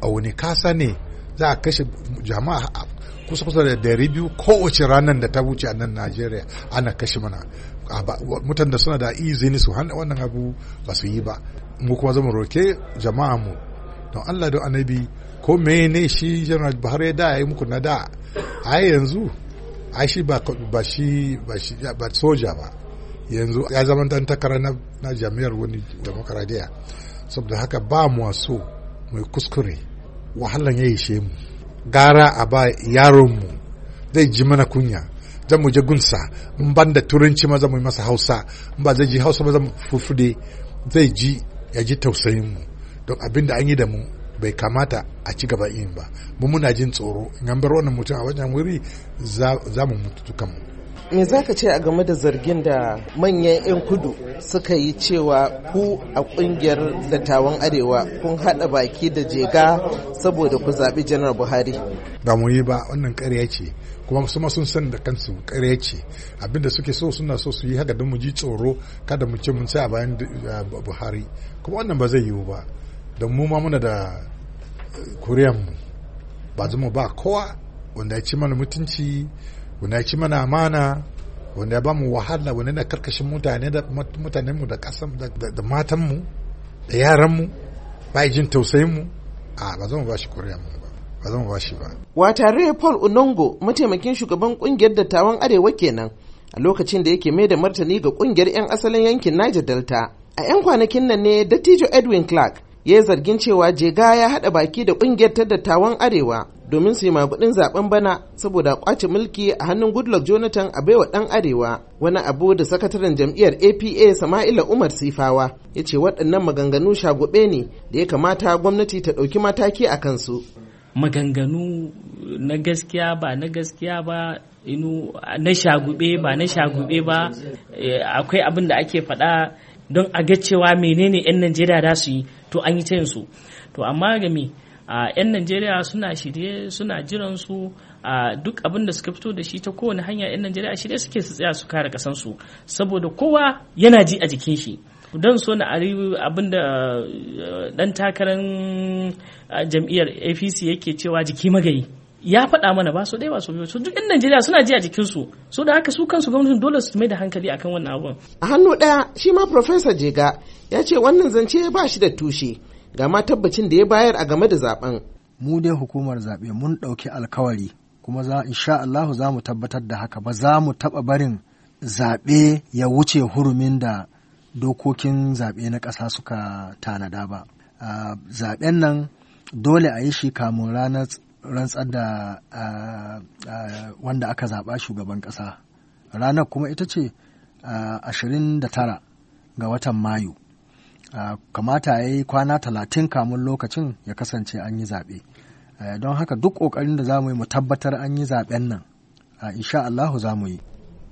a wani kasa ne za a kashe jama'a kusa kusa da dari biyu kowace ranar da ta wuce a nan najeriya ana kashe mana mutan da suna da izini su hana wannan abu ba su yi ba mu kuma zama roke jama'a mu don allah don annabi ko mene shi general buhari da ya yi muku na da a yanzu ai shi ba shi ba soja ba yanzu ya zama dan takara na jami'ar wani demokaradiyya saboda haka ba mu so mai kuskure wahalan ya ishe mu gara a ba yaronmu zai ji mana kunya zan mu je gunsa in ban da turanci ma zan mu yi masa hausa in ba zai ji hausa ba zan fufude zai ji ya ji tausayin mu don abin da an yi da mu bai kamata a ci gaba yin ba mu muna jin tsoro in an bar wannan mutum a wajen wuri za mu mutu kanmu me za ka ce a game da zargin da manyan 'yan kudu suka yi cewa ku a kungiyar dattawan arewa kun haɗa baki da jega saboda ku zaɓi janar buhari ba mu yi ba wannan ƙarya ce kuma su ma sun san da kansu ƙarya ce abinda suke so suna so su yi haka don mu ji tsoro kada mu ce mun sai a bayan eh, buhari kuma wannan ba zai yiwu ba don mu ma muna da eh, kuriyan mu ba zama ba kowa wanda ya ci mana mutunci wanda ya mana amana wanda ya ba mu wahala wanda na karkashin mutane da mutanenmu da kasan da matanmu da yaranmu ba jin tausayinmu a ba zan ba shi kuriya mu ba ba zan ba shi ba tare Paul Unongo mataimakin shugaban kungiyar dattawan arewa kenan a lokacin da yake mai da martani ga kungiyar 'yan asalin yankin Niger Delta a 'yan kwanakin nan ne dattijo Edwin Clark ya zargin cewa jega ya haɗa baki da ƙungiyar ta dattawan arewa domin su yi maguɗin zaben bana saboda kwace mulki a hannun goodluck jonathan a baiwa ɗan arewa wani abu da sakataren jam'iyyar apa sama'ila umar sifawa ya ce waɗannan maganganu shagube ne da ya kamata gwamnati ta ɗauki mataki a kansu maganganu na gaskiya ba na gaskiya ba inu na shagube ba na shagube ba eh, akwai abin da ake faɗa don a ga cewa menene 'yan najeriya da su yi to an yi ta yin su to amma ga a 'yan najeriya suna shirye suna jiran su a duk abin da suka fito da shi ta kowane hanya 'yan najeriya shirye suke su tsaya su kare kasansu saboda kowa yana ji a jikin shi don so na abin da dan takarar jam'iyyar apc yake cewa jiki magayi ya faɗa mana ba su dai ba su biyu su duk Najeriya suna ji a jikin su so da haka su kansu gwamnatin dole su mai da hankali akan wannan abun a hannu ɗaya shi ma Profesa Jega ya ce wannan zance ba shi da tushe ga ma tabbacin da ya bayar a game da zaben mu dai hukumar zaɓe mun ɗauki alkawari kuma za insha Allahu za mu tabbatar da haka ba za mu taɓa barin zaɓe ya wuce hurumin da dokokin zaɓe na ƙasa suka tanada ba. Zaɓen nan dole a yi shi kamun ranar rantsar da wanda aka zaɓa shugaban ƙasa ranar kuma ita ce ashirin da tara ga watan mayu kamata ya yi kwana talatin kamun lokacin ya kasance an yi zaɓe don haka duk ƙoƙarin da za mu yi mu tabbatar an yi zaɓen nan insha Allahu za mu yi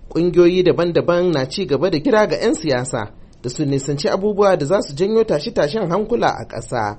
ƙungiyoyi daban-daban na ci gaba da kira ga 'yan siyasa da su nisanci abubuwa da za su janyo tashe-tashen hankula a ƙasa.